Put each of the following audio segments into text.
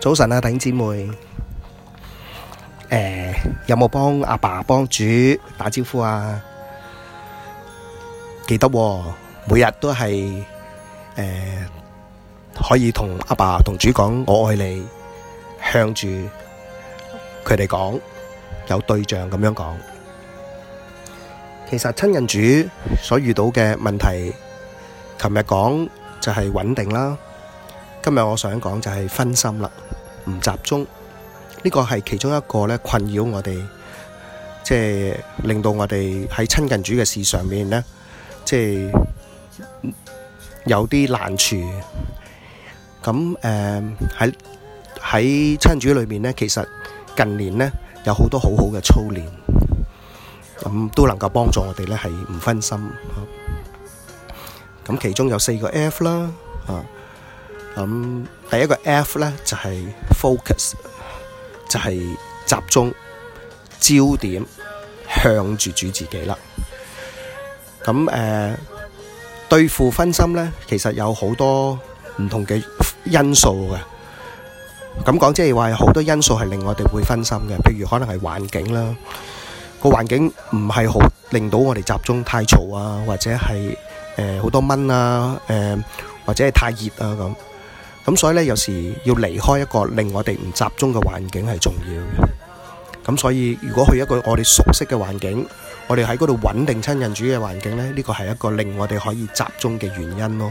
早晨啊，弟兄姊妹，誒、欸，有冇幫阿爸幫主打招呼啊？記得、喎、每日都係誒、欸，可以同阿爸同主講我愛你，向住佢哋講，有對象咁樣講。其實親近主所遇到嘅問題，琴日講就係穩定啦，今日我想講就係分心啦。唔集中，呢個係其中一個咧困擾我哋，即係令到我哋喺親近主嘅事上面咧，即係有啲難處。咁誒喺喺親近主裏面咧，其實近年咧有好多好好嘅操練，咁都能夠幫助我哋咧係唔分心。咁其中有四個 F 啦，啊。咁第一個 F 呢就係 focus，就係集中焦點向住主自己啦。咁誒，對付分心呢，其實有好多唔同嘅因素嘅。咁講，即係話，好多因素係令我哋會分心嘅，譬如可能係環境啦，個環境唔係好令到我哋集中，太嘈啊，或者係誒好多蚊啊，誒或者係太熱啊咁。咁所以咧，有時要離開一個令我哋唔集中嘅環境係重要嘅。咁所以，如果去一個我哋熟悉嘅環境，我哋喺嗰度穩定親人主嘅環境咧，呢個係一個令我哋可以集中嘅原因咯。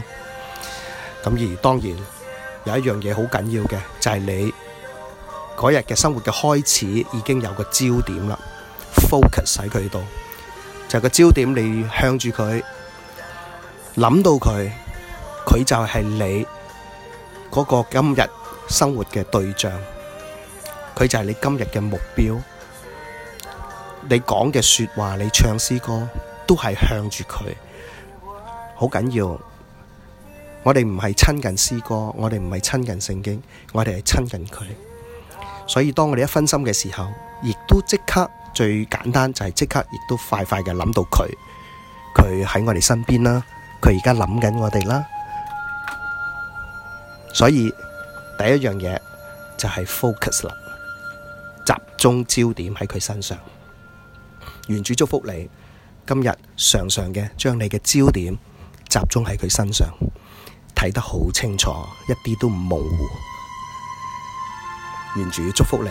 咁而當然有一樣嘢好緊要嘅，就係、是、你嗰日嘅生活嘅開始已經有個焦點啦，Focus 喺佢度，就是、個焦點你向住佢，諗到佢，佢就係你。嗰個今日生活嘅對象，佢就係你今日嘅目標。你講嘅説話，你唱詩歌，都係向住佢。好緊要，我哋唔係親近詩歌，我哋唔係親近聖經，我哋係親近佢。所以當我哋一分心嘅時候，亦都即刻，最簡單就係即刻，亦都快快嘅諗到佢，佢喺我哋身邊啦，佢而家諗緊我哋啦。所以第一樣嘢就係、是、focus 啦，集中焦點喺佢身上。願主祝福你，今日常常嘅將你嘅焦點集中喺佢身上，睇得好清楚，一啲都唔模糊。願主祝福你。